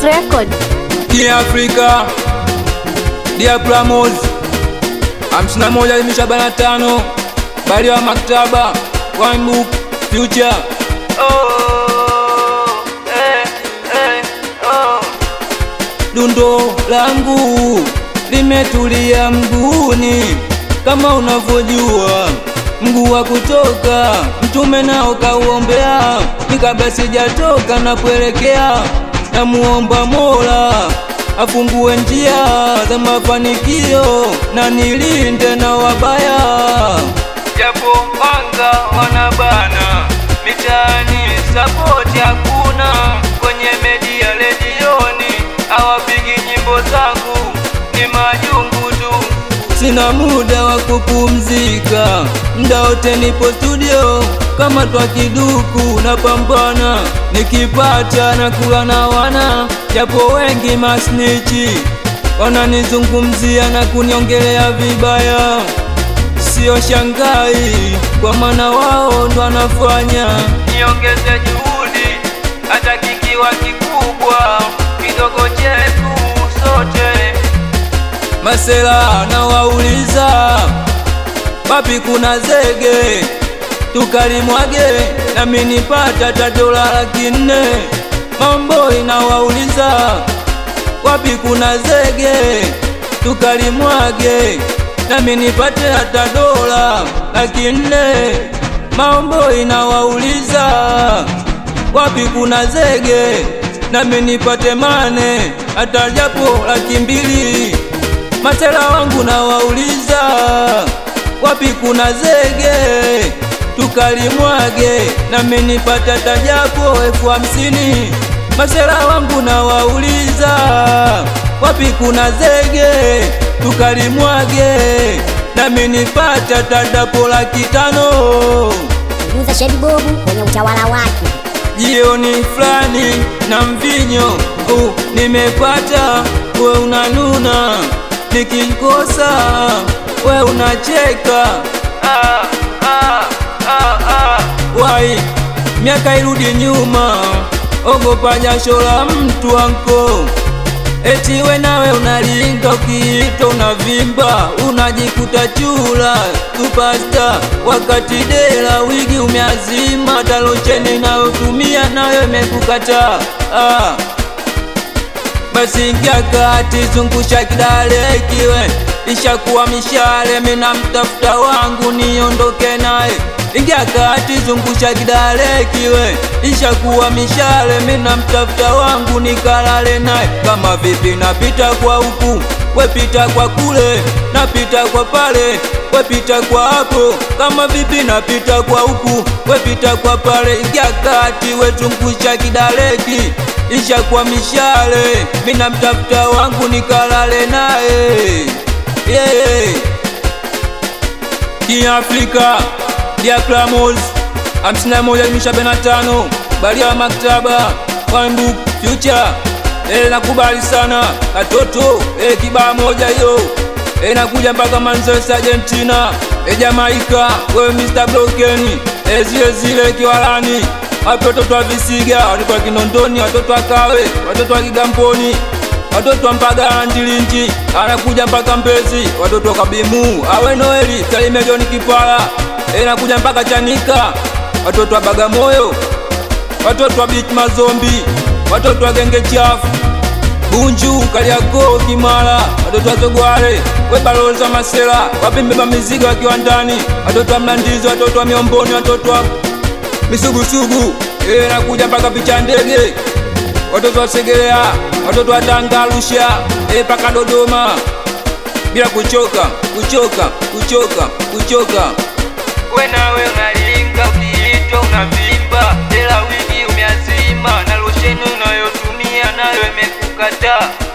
Next record. Dear Africa, Dear Pramos, hamsini na moja jumlisha arobaini na tano bali wa maktaba one book future oh, eh, eh, oh. Dundo langu limetulia mguuni kama unavyojua mguu wa kutoka mtume nao kauombea nikabla sijatoka na kuelekea namuomba Mola afungue njia za mafanikio na nilinde na wabaya, japo wana wanabana mitaani, sapoti hakuna kwenye media, redioni awapigi nyimbo zangu, ni majungu tu. Sina muda wa kupumzika, muda wote nipo studio kama twa kiduku na pambana, nikipata na kula na wana, japo wengi masnichi wananizungumzia na kuniongelea vibaya. Sio shangai kwa maana wao ndo wanafanya niongeze juhudi, hata kikiwa kikubwa kidogo chetu sote. Masela na wauliza wapi kuna zege tukalimwage, nami nipata ta dola laki nne. Mambo na wauliza wapi kuna zege, tukalimwage, nami nipate hata dola laki nne. Mambo na wauliza wapi kuna zege, nami nipate mane hata japo laki mbili. Matela wangu na wauliza wapi kuna zege nikalimwage, nami nipata tajapo elfu hamsini. Masera wangu na wauliza, wapi kuna zege? Tukalimwage, na minipata tadapo laki tano. Mguza Shedi Bobu kwenye utawala wake. Jioni fulani na mvinyo uh, nimepata we unanuna, nikikosa we unacheka ah hai, miaka irudi nyuma, ogopa jasho la mtu wako. Eti we nawe unalinga ukiito unavimba, unajikuta chula supasta, wakati dela wigi umeazima, talocheni nayotumia nayo imekukataa ah. Basi ingia kati, zungusha kidale kiwe ishakuwa mishale, mina mtafuta wangu niondoke naye ingia kati, zungusha kidale kiwe ishakuwa mishale. Mina mtafuta wangu nikalale naye, kama vipi napita kwa huku wepita kwa kule, napita kwa pale wepita kwa hapo, kama vipi napita kwa huku wepita kwa pale, ingia kati, wezungusha kidaleki ishakuwa mishale. Mina mtafuta wangu nikalale naye, yeah. Kiafrika Diakla Malls 5145 balia wa maktaba Fandu Future. E, nakubali sana katoto e, eh, kibaa moja hiyo e, nakuja mpaka Manchester Argentina e, Jamaika we Mr. Blokeni e, zile zile Kiwalani watoto wa Visiga wa Kinondoni, watoto wa Kawe, watoto wa Kigamboni watoto wa Mpaga Ndilinji anakuja mpaka Mbezi, watoto wa Kabimu awe Noeli Salime John Kipala enakuja mpaka Chanika, watoto wa Bagamoyo, watoto wa Bit Mazombi, watoto wa Genge Chafu Bunju, Kariakoo, kimala watoto wa Zogwale, webalonza Masela, wapimbeba mizigo ya kiwandani, watoto wa Mlandizi, watoto wa Miomboni, watoto wa Misugusugu, enakuja mpaka Picha Ndege watoto wa Segerea, watoto wa Tanga, Arusha mpaka Dodoma bila kuchoka, kuchoka, kuchoka, kuchoka. We nawe unalilika na unavimba, hela wingi umeazima na losheni unayotumia nayo imekukataa.